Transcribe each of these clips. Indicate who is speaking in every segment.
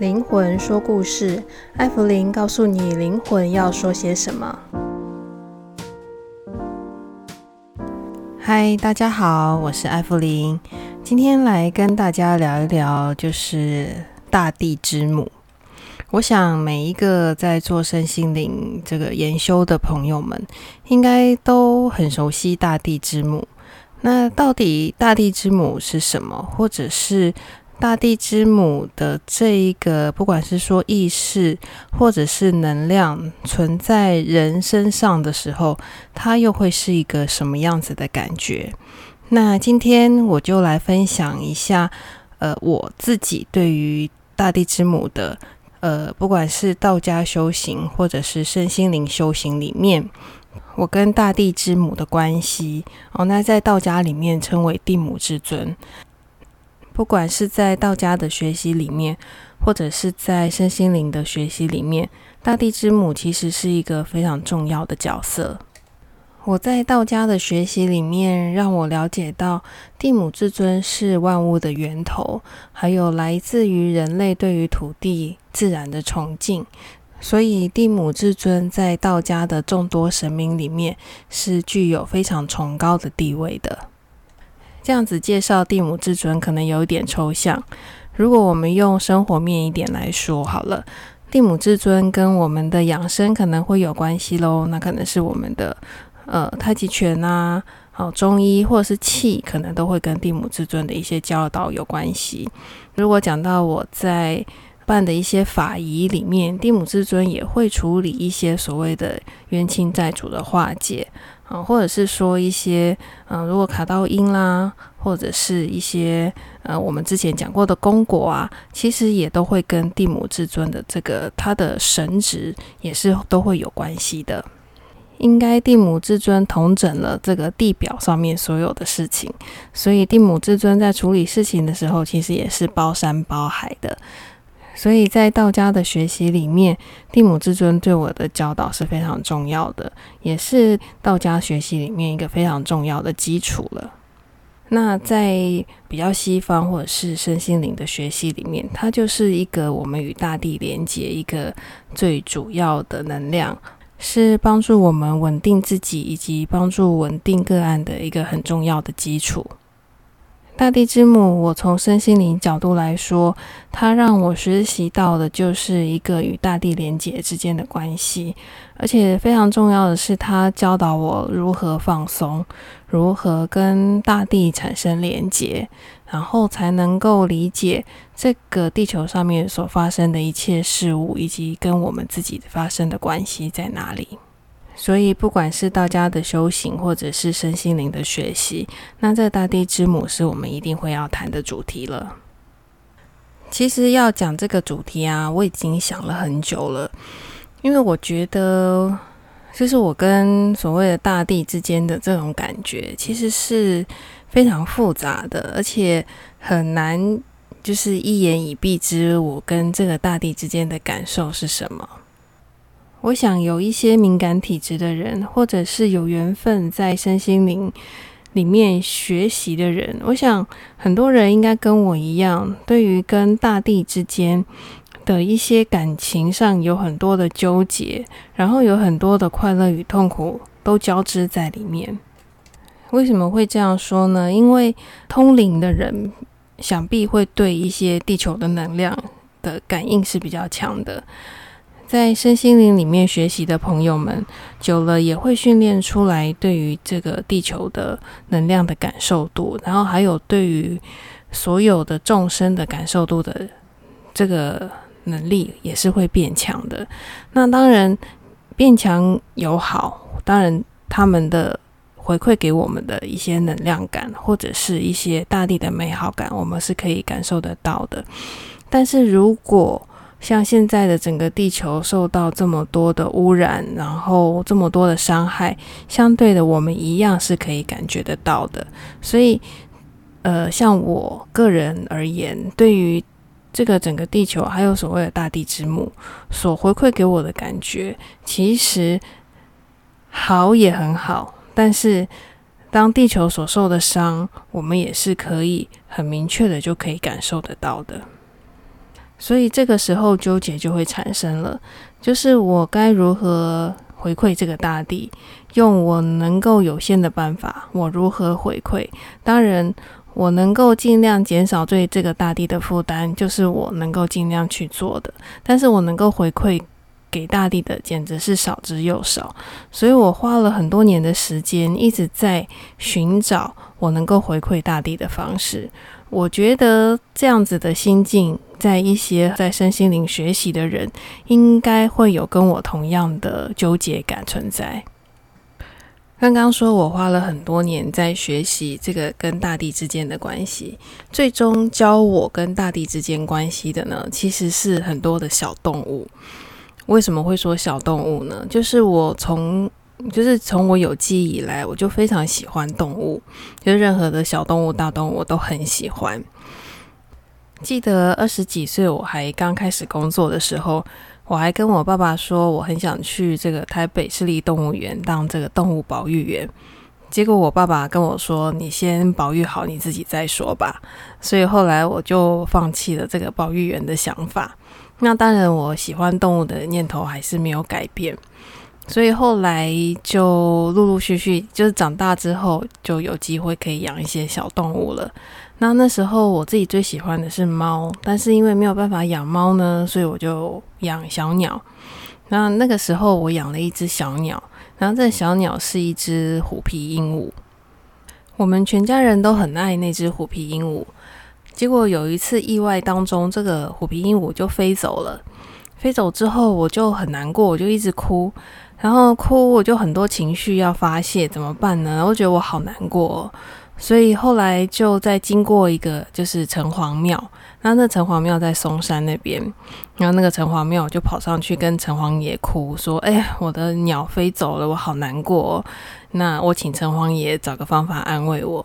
Speaker 1: 靈魂說故事，艾芙靈告訴你靈魂要說些什麼。嗨，大家好，我是艾芙靈，今天來跟大家聊一聊，就是大地之母。我想每一個在做身心靈這個研修的朋友們，應該都很熟悉大地之母。那到底大地之母是什麼，或者是？大地之母的這一個，不管是說意識或者是能量存在人身上的時候，它又會是一個什麼樣子的感覺？那今天我就來分享一下，呃，我自己對於大地之母的，呃，不管是道家修行或者是身心靈修行裡面，我跟大地之母的關係哦，那在道家裡面稱為地母之尊地母至尊。不管是在道家的學習裡面，或者是在身心靈的學習裡面，大地之母其實是一個非常重要的角色。我在道家的學習裡面，讓我了解到地母至尊是萬物的源頭，還有來自於人類對於土地自然的崇敬，所以地母至尊在道家的眾多神明裡面是具有非常崇高的地位的。這樣子介紹地母至尊可能有一點抽象，如果我們用生活面一點來說好了，地母至尊跟我們的養生可能會有關係嘍。那可能是我們的呃太極拳啊，好、呃、中醫或是氣，可能都會跟地母至尊的一些教導有關係。如果講到我在辦的一些法儀裡面，地母至尊也會處理一些所謂的冤親債主的化解。啊，或者是說一些，嗯、呃，如果卡到陰啦，或者是一些，呃，我們之前講過的功果啊，其實也都會跟地母至尊的這個他的神職也是都會有關係的。應該地母至尊統整了這個地表上面所有的事情，所以地母至尊在處理事情的時候，其實也是包山包海的。所以在道家的學習裡面，地母至尊對我的教導是非常重要的，也是道家學習裡面一個非常重要的基礎了。那在比較西方或者是身心靈的學習裡面，它就是一個我們與大地連接一個最主要的能量，是幫助我們穩定自己以及幫助穩定個案的一個很重要的基礎。大地之母，我從身心靈角度來說，它讓我學習到的就是一個與大地連接之間的關係，而且非常重要的是，它教導我如何放鬆，如何跟大地產生連接，然後才能夠理解這個地球上面所發生的一切事物，以及跟我們自己發生的關係在哪裡。所以，不管是道家的修行，或者是身心靈的學習，那這大地之母是我們一定會要談的主題了。其實要講這個主題啊，我已經想了很久了，因為我覺得，就是我跟所謂的大地之間的這種感覺，其實是非常複雜的，而且很難，就是一言以蔽之，我跟這個大地之間的感受是什麼。我想有一些敏感體質的人，或者是有緣分在身心靈裡面學習的人，我想很多人應該跟我一樣，對於跟大地之間的一些感情上有很多的糾結，然後有很多的快樂與痛苦都交織在裡面。為什麼會這樣說呢？因為通靈的人想必會對一些地球的能量的感應是比較強的。在身心靈裡面學習的朋友們，久了也會訓練出來對於這個地球的能量的感受度，然後還有對於所有的眾生的感受度的這個能力也是會變強的。那當然變強有好，當然他們的回饋給我們的一些能量感或者是一些大地的美好感，我們是可以感受得到的。但是如果像現在的整個地球受到這麼多的汙染，然後這麼多的傷害，相對的我們一樣是可以感覺得到的。所以，呃，像我個人而言，對於這個整個地球還有所謂的大地之母所回饋給我的感覺，其實好也很好。但是，當地球所受的傷，我們也是可以很明確的就可以感受得到的。所以這個時候糾結就會產生了，就是我該如何回饋這個大地，用我能夠有限的辦法，我如何回饋？當然，我能夠儘量減少對這個大地的負擔，就是我能夠儘量去做的。但是我能夠回饋給大地的，簡直是少之又少。所以我花了很多年的時間，一直在尋找我能夠回饋大地的方式。我覺得這樣子的心境，在一些在身心靈學習的人，應該會有跟我同樣的糾結感存在。剛剛說我花了很多年在學習這個跟大地之間的關係，最終教我跟大地之間關係的呢，其實是很多的小動物。為什麼會說小動物呢？就是我從。就是從我有記憶以來，我就非常喜歡動物，就是任何的小動物、大動物，我都很喜歡。記得二十幾歲我還剛開始工作的時候，我還跟我爸爸說，我很想去這個台北市立動物園當這個動物保育員。結果我爸爸跟我說：“你先保育好你自己再說吧。”所以後來我就放棄了這個保育員的想法。那當然，我喜歡動物的念頭還是沒有改變。所以後來就陸陸續續，就是長大之後就有機會可以養一些小動物了。那那時候我自己最喜歡的是貓，但是因為沒有辦法養貓呢，所以我就養小鳥。那那個時候我養了一只小鳥，然後這小鳥是一只虎皮鸚鵡。我們全家人都很愛那只虎皮鸚鵡，結果有一次意外當中，這個虎皮鸚鵡就飛走了。飛走之後我就很難過，我就一直哭。然後哭，我就很多情緒要發洩，怎麼辦呢？我覺得我好難過哦，所以後來就在經過一個就是城隍廟，那那城隍廟在松山那邊，然後那個城隍廟就跑上去跟城隍爺哭說：“哎呀，我的鳥飛走了，我好難過哦。”那我請城隍爺找個方法安慰我。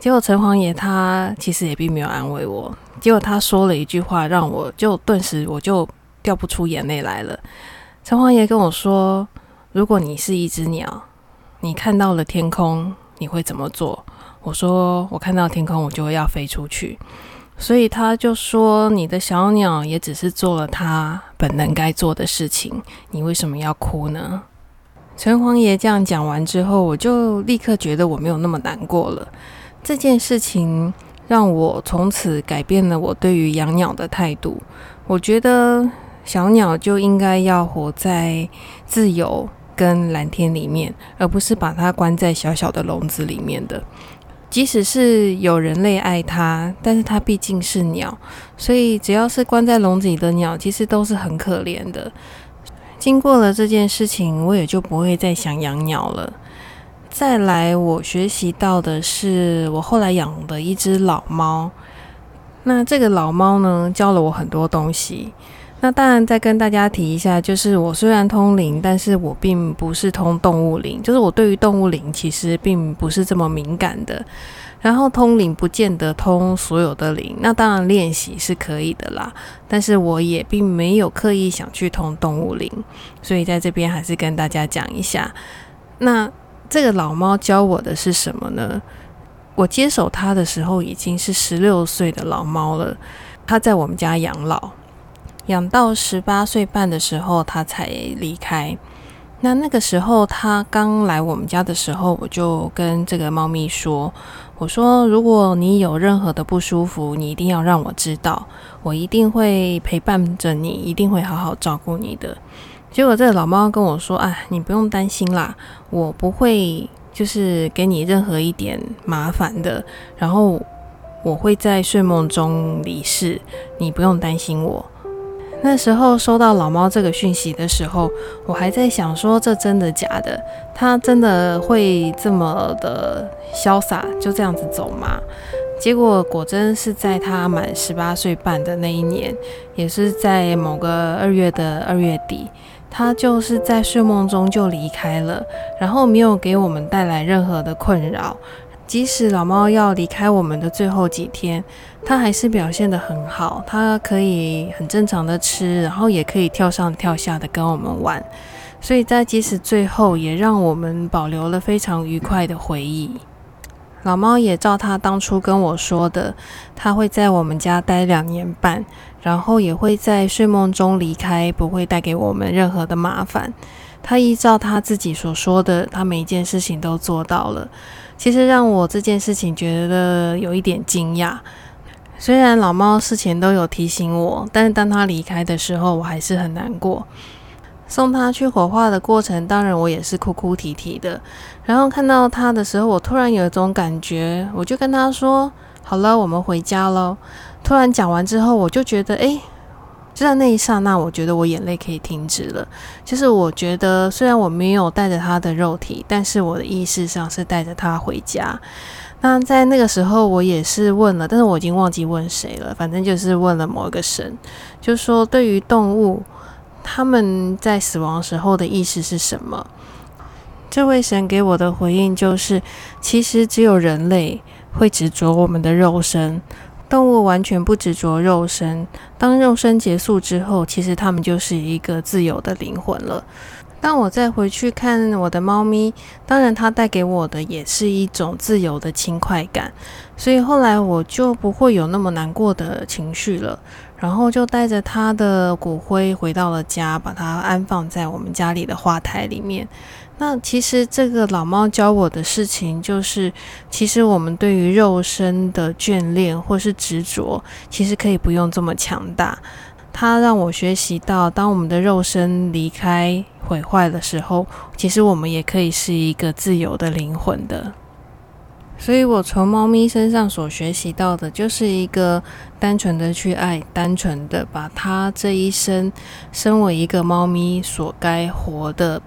Speaker 1: 結果城隍爺他其實也並沒有安慰我，結果他說了一句話，讓我就頓時我就掉不出眼淚來了。城隍爺跟我說：“如果你是一隻鳥，你看到了天空，你會怎麼做？”我說：“我看到天空，我就會要飛出去。”所以他就說：“你的小鳥也只是做了它本能該做的事情，你為什麼要哭呢？”城隍爺這樣講完之後，我就立刻覺得我沒有那麼難過了。這件事情讓我從此改變了我對於養鳥的態度。我覺得。小鳥就應該要活在自由跟藍天裡面，而不是把它關在小小的籠子裡面的。即使是有人類愛它，但是它畢竟是鳥，所以只要是關在籠子裡的鳥，其實都是很可憐的。經過了這件事情，我也就不會再想養鳥了。再來，我學習到的是我後來養的一只老貓。那這個老貓呢，教了我很多東西。那當然，再跟大家提一下，就是我雖然通靈，但是我並不是通動物靈，就是我對於動物靈其實並不是這麼敏感的。然後通靈不見得通所有的靈，那當然練習是可以的啦，但是我也並沒有刻意想去通動物靈，所以在這邊還是跟大家講一下。那這個老貓教我的是什麼呢？我接手它的時候已經是十六歲的老貓了，它在我們家養老。養到十八歲半的時候，他才離開。那那個時候，他剛來我們家的時候，我就跟這個貓咪說：“我說，如果你有任何的不舒服，你一定要讓我知道，我一定會陪伴着你，一定會好好照顧你的。”結果，這個老貓跟我說：“啊、哎，你不用擔心啦，我不會就是給你任何一點麻煩的。然後我會在睡夢中離世，你不用擔心我。”那時候收到老貓這個訊息的時候，我還在想說，這真的假的？他真的會這麼的瀟灑，就這樣子走嗎？結果果真是在他滿十八歲半的那一年，也是在某個二月的二月底，他就是在睡夢中就離開了，然後沒有給我們帶來任何的困擾。即使老貓要離開我們的最後幾天，它還是表現得很好。它可以很正常的吃，然後也可以跳上跳下的跟我們玩。所以在即使最後，也讓我們保留了非常愉快的回憶。老貓也照它當初跟我說的，它會在我們家待兩年半，然後也會在睡夢中離開，不會帶給我們任何的麻煩。他依照他自己所說的，他每一件事情都做到了。其實讓我這件事情覺得有一點驚訝。雖然老貓事前都有提醒我，但是當他離開的時候，我還是很難過。送他去火化的過程，當然我也是哭哭啼啼的。然後看到他的時候，我突然有一種感覺，我就跟他說：“好了，我們回家嘍。”突然講完之後，我就覺得，哎。就在那一剎那，我覺得我眼淚可以停止了。就是我覺得，雖然我沒有帶着他的肉體，但是我的意識上是帶着他回家。那在那個時候，我也是問了，但是我已經忘記問誰了。反正就是問了某一個神，就說對於動物，他們在死亡時候的意識是什麼？這位神給我的回應就是，其實只有人類會執着我們的肉身。動物完全不執着肉身，當肉身結束之後，其實它們就是一個自由的靈魂了。當我再回去看我的貓咪，當然它帶給我的也是一種自由的輕快感，所以後來我就不會有那麼難過的情緒了。然後就帶着它的骨灰回到了家，把它安放在我們家裡的花台裡面。那其實這個老貓教我的事情，就是其實我們對於肉身的眷戀或是執着，其實可以不用這麼強大。它讓我學習到，當我們的肉身離開毀壞的時候，其實我們也可以是一個自由的靈魂的。所以我從貓咪身上所學習到的，就是一個單純的去愛，單純的把它這一生，身為一個貓咪所該活的。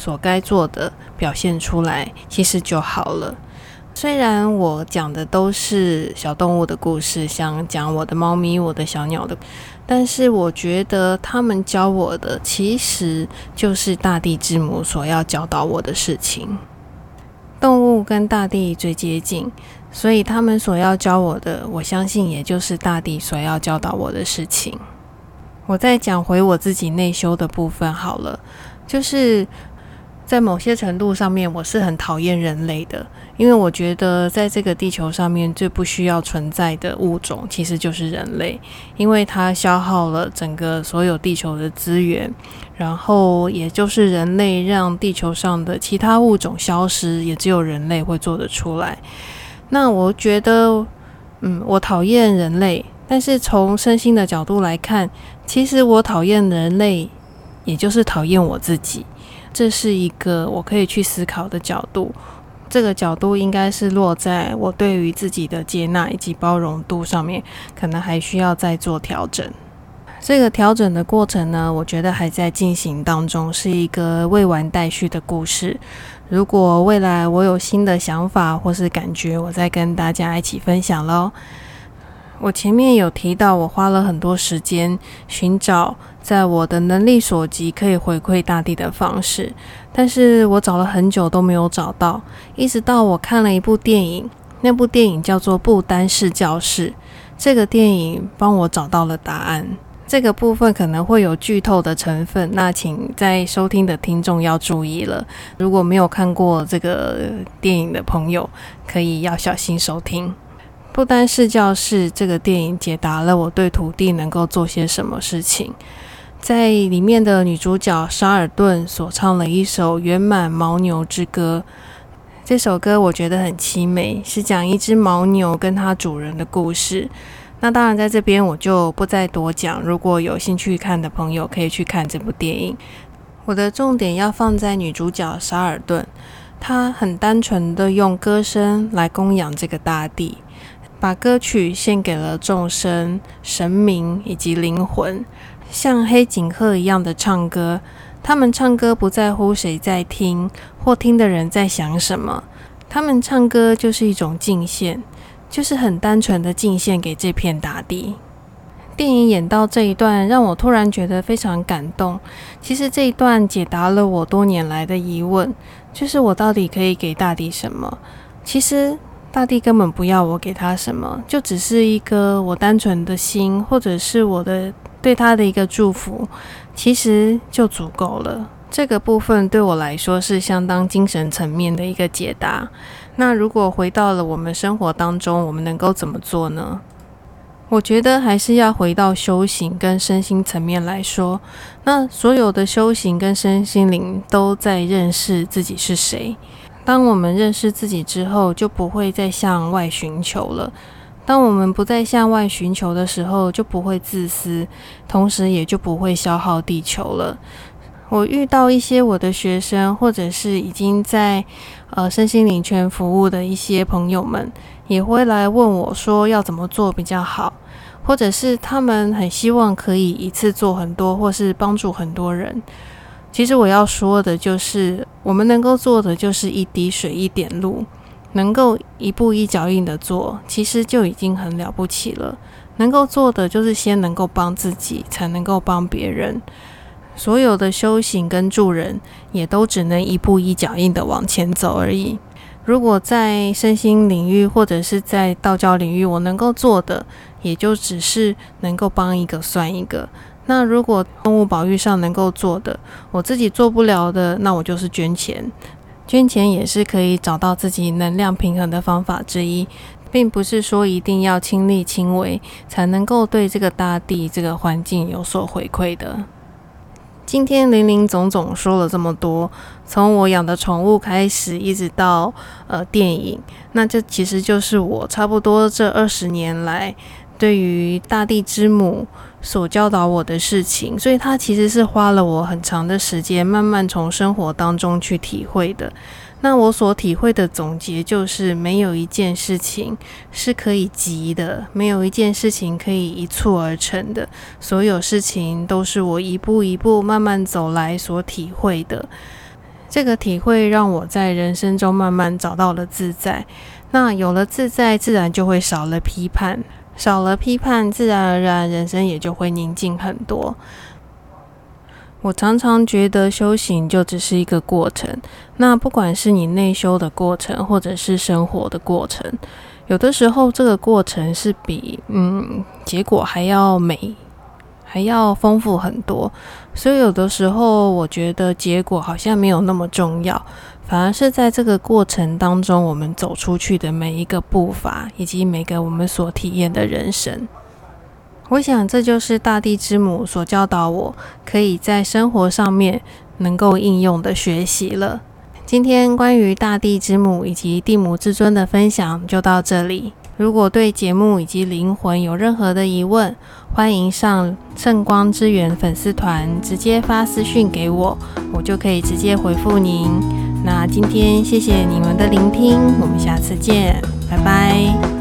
Speaker 1: 所該做的表現出來，其實就好了。雖然我講的都是小動物的故事，像講我的貓咪、我的小鳥的，但是我覺得他們教我的，其實就是大地之母所要教導我的事情。動物跟大地最接近，所以他們所要教我的，我相信也就是大地所要教導我的事情。我再講回我自己內修的部分好了，就是。在某些程度上面，我是很討厭人類的，因為我覺得在這個地球上面最不需要存在的物種其實就是人類，因為它消耗了整個所有地球的資源，然後也就是人類讓地球上的其他物種消失，也只有人類會做得出來。那我覺得，嗯，我討厭人類，但是從身心的角度來看，其實我討厭人類，也就是討厭我自己。這是一個我可以去思考的角度，這個角度應該是落在我對於自己的接納以及包容度上面，可能還需要再做調整。這個調整的過程呢，我覺得還在進行當中，是一個未完待續的故事。如果未來我有新的想法或是感覺，我再跟大家一起分享嘍。我前面有提到，我花了很多時間尋找在我的能力所及可以回饋大地的方式，但是我找了很久都沒有找到。一直到我看了一部電影，那部電影叫做《不丹是教室》，這個電影幫我找到了答案。這個部分可能會有劇透的成分，那請在收聽的聽眾要注意了。如果沒有看過這個電影的朋友，可以要小心收聽。《不丹是教室》這個電影解答了我對土地能夠做些什麼事情。在裡面的女主角沙爾頓所唱了一首《圓滿犛牛之歌》，這首歌我覺得很淒美，是講一只犛牛跟它主人的故事。那當然，在這邊我就不再多講。如果有興趣看的朋友，可以去看這部電影。我的重點要放在女主角沙爾頓，她很單純的用歌聲來供養這個大地。把歌曲獻給了眾生、神明以及靈魂，像黑頸鶴一樣的唱歌。他們唱歌不在乎誰在聽，或聽的人在想什麼。他們唱歌就是一種敬獻，就是很單純的敬獻給這片大地。電影演到這一段，讓我突然覺得非常感動。其實這一段解答了我多年來的疑問，就是我到底可以給大地什麼？其實。大地根本不要我給他什麼，就只是一個我單純的心，或者是我的對他的一個祝福，其實就足夠了。這個部分對我來說是相當精神層面的一個解答。那如果回到了我們生活當中，我們能夠怎麼做呢？我覺得還是要回到修行跟身心層面來說。那所有的修行跟身心靈都在認識自己是誰。當我們認識自己之後，就不會再向外尋求了。當我們不再向外尋求的時候，就不會自私，同時也就不會消耗地球了。我遇到一些我的學生，或者是已經在呃身心靈圈服務的一些朋友們，也會來問我說要怎麼做比較好，或者是他們很希望可以一次做很多，或是幫助很多人。其實我要說的，就是我們能夠做的，就是一滴水一點露，能夠一步一腳印的做，其實就已經很了不起了。能夠做的，就是先能夠幫自己，才能夠幫別人。所有的修行跟助人，也都只能一步一腳印的往前走而已。如果在身心領域，或者是在道教領域，我能夠做的，也就只是能夠幫一個算一個。那如果動物保育上能夠做的，我自己做不了的，那我就是捐錢。捐錢也是可以找到自己能量平衡的方法之一，並不是說一定要親力親為才能夠對這個大地、這個環境有所回饋的。今天林林總總說了這麼多，從我養的寵物開始，一直到呃電影，那這其實就是我差不多這二十年來。對於大地之母所教導我的事情，所以他其實是花了我很長的時間，慢慢從生活當中去體會的。那我所體會的總結就是：沒有一件事情是可以急的，沒有一件事情可以一蹴而成的。所有事情都是我一步一步慢慢走來所體會的。這個體會讓我在人生中慢慢找到了自在。那有了自在，自然就會少了批判。少了批判，自然而然人生也就會寧靜很多。我常常覺得修行就只是一個過程，那不管是你內修的過程，或者是生活的過程，有的時候這個過程是比嗯結果還要美，還要豐富很多。所以有的時候，我覺得結果好像沒有那麼重要。反而是在這個過程當中，我們走出去的每一個步伐，以及每個我們所體驗的人生，我想這就是大地之母所教導我，可以在生活上面能夠應用的學習了。今天關於大地之母以及地母至尊的分享就到這裡。如果對節目以及靈魂有任何的疑問，歡迎上聖光之源粉絲團，直接發私訊給我，我就可以直接回復您。那今天謝謝你們的聆聽，我們下次見，拜拜。